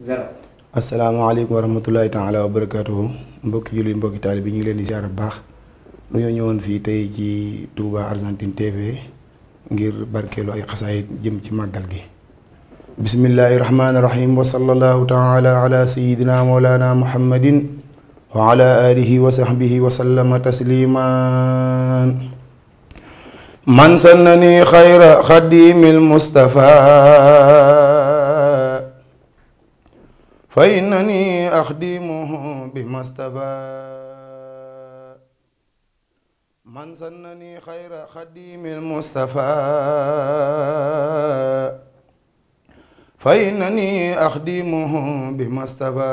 zéro. asalaamaaleykum wa rahmatulahi taala wa barakaatuhu mbokki julli bi ñu ngi leen di ziar bu baax ñoo ñëwoon fii tey ci Touba Argentine TV ngir barkeelu ay xasaayit jëm ci màggal gi. bismillahi rahmaani rahim wa sallallahu taala ala sayidina mawlana muhammadin wa alihi wa sahbihi wa sallama tasliman man sannani xayra xadimil Mustafa فإنني أخدمه بما استفى من سنني خير خديم المصطفى فإنني أخدمه بما استفى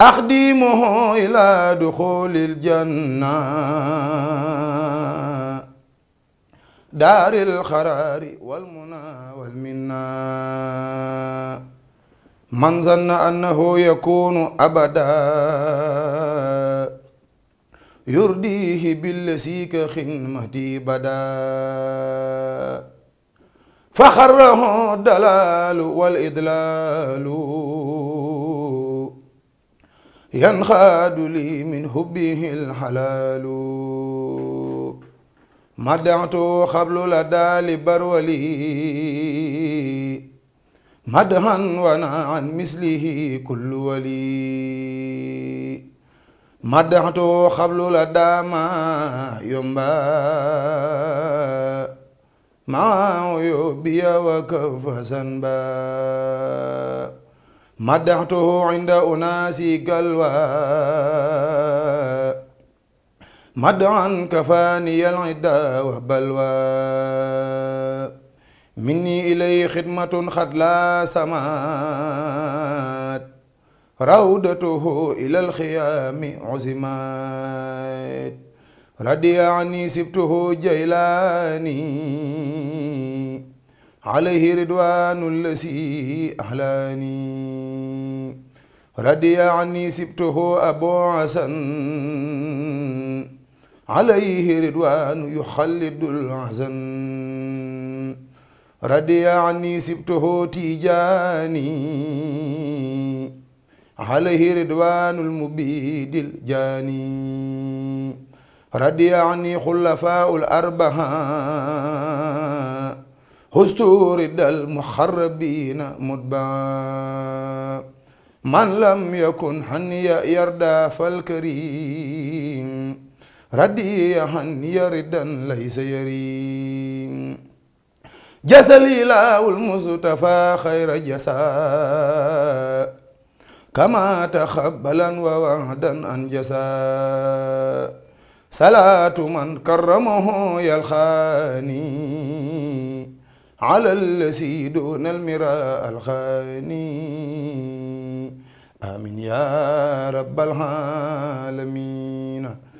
أخدمه إلى دخول الجنة daaril xaraari wal muna wal minna man zanna annahu yakunu abada yurdihi billasi ka xidmati bada faxarrahu dalaalu wal idlaalu yanxaadu li min hubbihi alxalaalu مدعت قبل لدى لبرولي مدحا وانا عن مثله كل ولي مدحت قبل لدى ما ينبا مع عيوبي وكف سنبا مدحته عند أناس قلوى مدعا كفاني العدا وبلوى مني إليه خدمة قد لا سمات روضته إلى الخيام عزمات رضي عني سبته جيلاني عليه رضوان الذي أحلاني رضي عني سبته أبو حسن عليه ردوان يخلد الحزن رضي عني سبته تيجاني عليه ردوان المبيد الجاني رضي عني خلفاء الأربعة هستورد المحربين مدبا من لم يكن حني يردى فالكريم ردي عن يردا ليس يريم جسلي لا المصطفى خير جساء كما تخبلا ووعدا أنجسا صلاة من كرمه يلخاني على الذي دون المراء الخاني آمين يا رب العالمين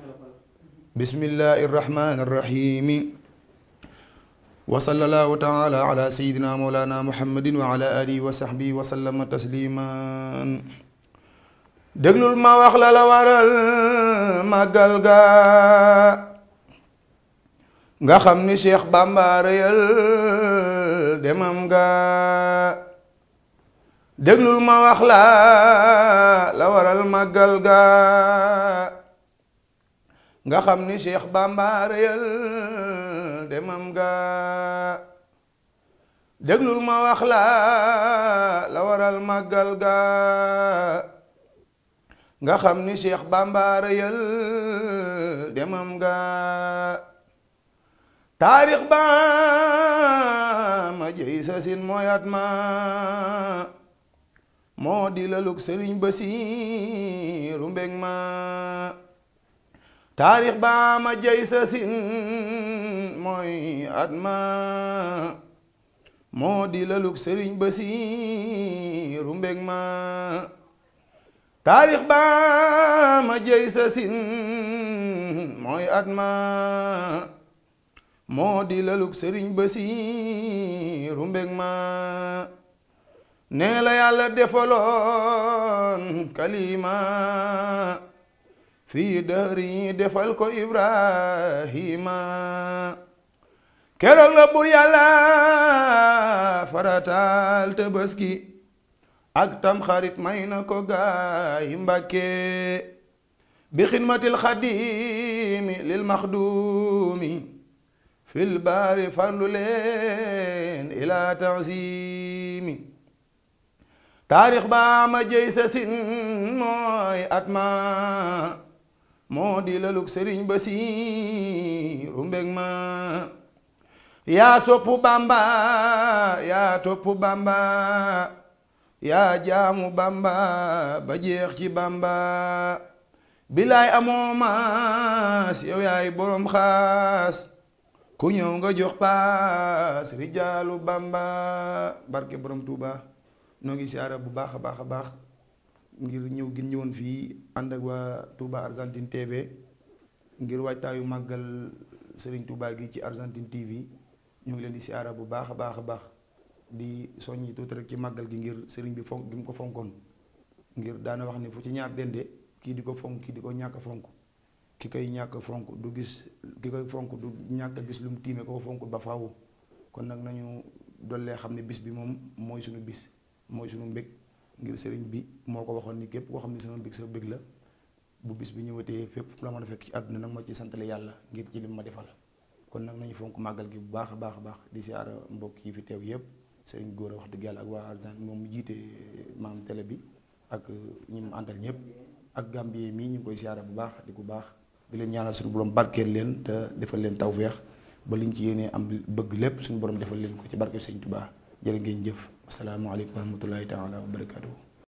bismillahi irrahmani irrahimi wa sallallahu taala ala sayidina mawlana muhammadin wa ala wa sahbihi wa sallama tasliman ma wax la waral màggal ga nga xam ni cheikh bamba rëyal demam ga déglul ma wax la waral màggal ga nga xam ni Cheikh Bamba réyal demam ga déglul ma wax la waral màggal ga nga xam ni Cheikh Bamba réyal demam ga taarix ba ma jëy sin mooyaat ma moo di lalug sëriñ Basiiru mbég ma taarix baa ma jey sa mooy at ma moo di lalug sëriñ ba si rumbeg ma taarix baa ma jey sa mooy at ma moo di lalug sëriñ ba si rumbeg ma nee la yàlla defaloon kalima fii dëri defal ko Ibrahima keroog la bur yàlla farataal tabaski ak tamxarit may na ko gaay mbàkke bi xidmatil xadimi lil maxdumi fil baari farlu leen ila tanzimi taarix ba ma jëy sa sin mooy moo di lalug sëriñ Basiiru mbég ma yaa soppu Bamba yaa toppu bàmba yaa jaamu Bamba ba jeex ci bàmba bilaay amoo maas yow yaay boroom xaas ku ñëw nga jox paas rijaalu Bamba barke borom Touba noo ngi siyaara bu baax a baax a baax ngir ñëw gin ñëwoon fii ànd ak waa Touba Argentine TV ngir waajtaayu màggal Serigne Touba gi ci Argentine TV ñu ngi leen di siyaara bu baax a baax a baax di soññi tuuti rek ci màggal gi ngir sëriñ bi fonk gi mu ko fonkoon ngir daana wax ne fu ci ñaar dende kii di ko fonk kii di ko ñàkk fonk ki koy ñàkk fonk du gis ki koy fonk du ñàkk a gis lu mu tiime ko fonk ba faaw kon nag nañu dollee xam ne bis bi moom mooy suñu bis mooy sunu mbég ngir sëriñ bi moo ko waxoon ni képp koo xam ne sama bég sa bég la bu bis bi ñëwatee fépp la mën a fekk ci àdduna nag ma ci santale yàlla ngir ci lim ma defal kon nag nañu fonk màggal gi bu baax a baax a baax di siyaara mbokk yi fi teew yëpp sëriñ góor a wax dëgg yàlla ak waa Arzane moom mu jiitee maam tele bi ak ñu mu àndal ñëpp ak Gambie mii ñu ngi koy siyaara bu baax di ku baax di leen ñaanal suñu borom barkeel leen te defal leen tawféex ba liñ ci yéenee am bëgg lépp suñu borom defal leen ko ci barkeel sëñ Tuubaa jërë ngeen jëf asalaamaaleykum wa rahmatullahi taala wa barakaatuhu